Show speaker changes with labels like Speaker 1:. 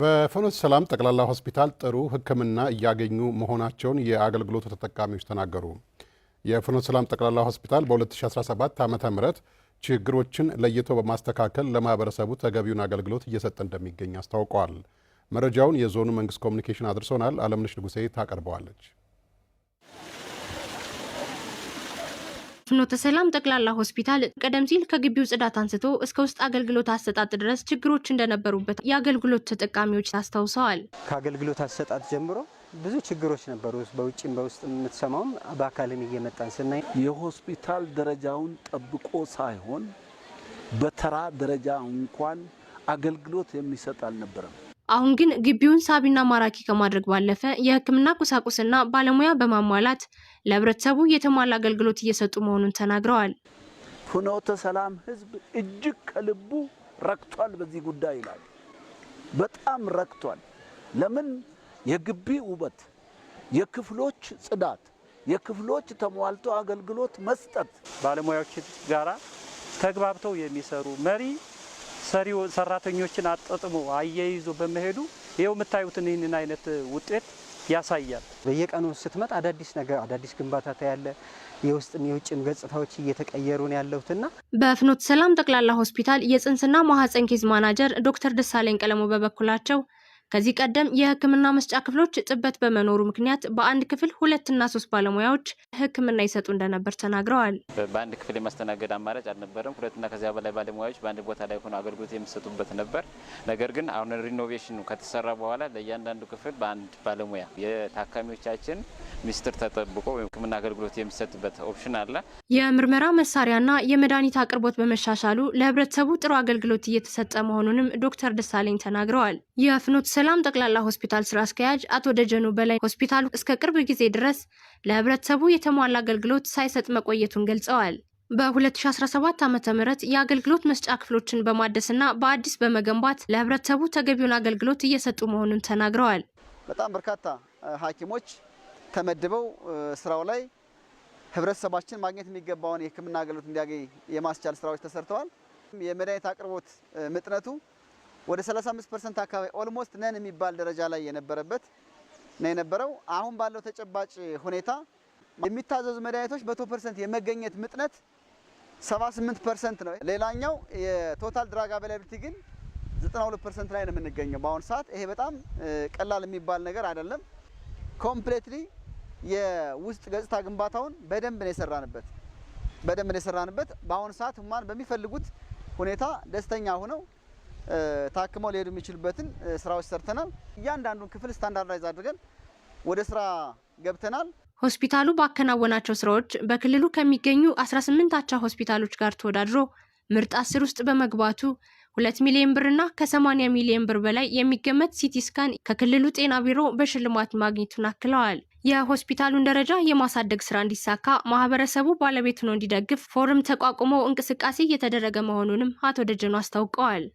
Speaker 1: በፍኖተ ሰላም ጠቅላላ ሆስፒታል ጥሩ ሕክምና እያገኙ መሆናቸውን የአገልግሎቱ ተጠቃሚዎች ተናገሩ። የፍኖተ ሰላም ጠቅላላ ሆስፒታል በ2017 ዓ ም ችግሮችን ለይቶ በማስተካከል ለማህበረሰቡ ተገቢውን አገልግሎት እየሰጠ እንደሚገኝ አስታውቀዋል። መረጃውን የዞኑ መንግስት ኮሚኒኬሽን አድርሶናል። አለምነሽ ንጉሴ ታቀርበዋለች።
Speaker 2: ፍኖተ ሰላም ጠቅላላ ሆስፒታል ቀደም ሲል ከግቢው ጽዳት አንስቶ እስከ ውስጥ አገልግሎት አሰጣጥ ድረስ ችግሮች እንደነበሩበት የአገልግሎት ተጠቃሚዎች አስታውሰዋል።
Speaker 3: ከአገልግሎት አሰጣጥ ጀምሮ ብዙ ችግሮች ነበሩ። በውጭም በውስጥ የምትሰማውም በአካልም እየመጣን ስናይ
Speaker 4: የሆስፒታል ደረጃውን ጠብቆ ሳይሆን በተራ ደረጃ እንኳን አገልግሎት የሚሰጥ አልነበረም።
Speaker 2: አሁን ግን ግቢውን ሳቢና ማራኪ ከማድረግ ባለፈ የሕክምና ቁሳቁስና ባለሙያ በማሟላት ለህብረተሰቡ የተሟላ አገልግሎት እየሰጡ መሆኑን ተናግረዋል።
Speaker 4: ፍኖተ ሰላም ህዝብ እጅግ ከልቡ ረክቷል በዚህ ጉዳይ ላይ በጣም ረክቷል። ለምን የግቢ ውበት፣ የክፍሎች ጽዳት፣ የክፍሎች ተሟልቶ አገልግሎት መስጠት
Speaker 5: ባለሙያዎች ጋራ ተግባብተው የሚሰሩ መሪ ሰሪው ሰራተኞችን አጣጥሞ አያይዞ በመሄዱ ይኸው የምታዩትን ይህንን አይነት ውጤት ያሳያል።
Speaker 6: በየቀኑ ስትመጣ አዳዲስ ነገር አዳዲስ ግንባታ ታያለ። የውስጥም የውጭም ገጽታዎች እየተቀየሩ ነው ያለሁትና
Speaker 2: በፍኖት ሰላም ጠቅላላ ሆስፒታል የጽንስና ማህፀን ኬዝ ማናጀር ዶክተር ደሳለኝ ቀለሞ በበኩላቸው ከዚህ ቀደም የህክምና መስጫ ክፍሎች ጥበት በመኖሩ ምክንያት በአንድ ክፍል ሁለትና ሶስት ባለሙያዎች ህክምና ይሰጡ እንደነበር ተናግረዋል።
Speaker 7: በአንድ ክፍል የማስተናገድ አማራጭ አልነበረም። ሁለትና ከዚያ በላይ ባለሙያዎች በአንድ ቦታ ላይ ሆኖ አገልግሎት የሚሰጡበት ነበር። ነገር ግን አሁን ሪኖቬሽኑ ከተሰራ በኋላ ለእያንዳንዱ ክፍል በአንድ ባለሙያ የታካሚዎቻችን ሚስጥር ተጠብቆ ህክምና አገልግሎት የሚሰጥበት ኦፕሽን አለ።
Speaker 2: የምርመራ መሳሪያና የመድኃኒት አቅርቦት በመሻሻሉ ለህብረተሰቡ ጥሩ አገልግሎት እየተሰጠ መሆኑንም ዶክተር ደሳለኝ ተናግረዋል። የፍኖት ሰላም ጠቅላላ ሆስፒታል ስራ አስኪያጅ አቶ ደጀኑ በላይ ሆስፒታሉ እስከ ቅርብ ጊዜ ድረስ ለህብረተሰቡ የተሟላ አገልግሎት ሳይሰጥ መቆየቱን ገልጸዋል። በ2017 ዓ ም የአገልግሎት መስጫ ክፍሎችን በማደስና በአዲስ በመገንባት ለህብረተሰቡ ተገቢውን አገልግሎት እየሰጡ መሆኑን ተናግረዋል።
Speaker 8: በጣም በርካታ ሐኪሞች ተመድበው ስራው ላይ ህብረተሰባችን ማግኘት የሚገባውን የህክምና አገልግሎት እንዲያገኝ የማስቻል ስራዎች ተሰርተዋል። የመድኃኒት አቅርቦት ምጥነቱ ወደ 35% አካባቢ ኦልሞስት ነን የሚባል ደረጃ ላይ የነበረበት ነው የነበረው። አሁን ባለው ተጨባጭ ሁኔታ የሚታዘዙ መድኃኒቶች በ100% የመገኘት ምጥነት 78% ነው። ሌላኛው የቶታል ድራግ አቬላቢሊቲ ግን 92% ላይ ነው የምንገኘው በአሁኑ ሰዓት። ይሄ በጣም ቀላል የሚባል ነገር አይደለም። ኮምፕሌትሊ የውስጥ ገጽታ ግንባታውን በደንብ ነው የሰራንበት በደንብ ነው የሰራንበት። በአሁኑ ሰዓት ሁማን በሚፈልጉት ሁኔታ ደስተኛ ሆነው ታክመው ሊሄዱ የሚችሉበትን ስራዎች ሰርተናል። እያንዳንዱን ክፍል ስታንዳርዳይዝ አድርገን ወደ ስራ ገብተናል።
Speaker 2: ሆስፒታሉ ባከናወናቸው ስራዎች በክልሉ ከሚገኙ 18 አቻ ሆስፒታሎች ጋር ተወዳድሮ ምርጥ አስር ውስጥ በመግባቱ ሁለት ሚሊዮን ብርና ከ80 ሚሊዮን ብር በላይ የሚገመት ሲቲ ስካን ከክልሉ ጤና ቢሮ በሽልማት ማግኘቱን አክለዋል። የሆስፒታሉን ደረጃ የማሳደግ ስራ እንዲሳካ ማህበረሰቡ ባለቤት ሆኖ እንዲደግፍ ፎረም ተቋቁሞ እንቅስቃሴ እየተደረገ መሆኑንም አቶ ደጀኑ አስታውቀዋል።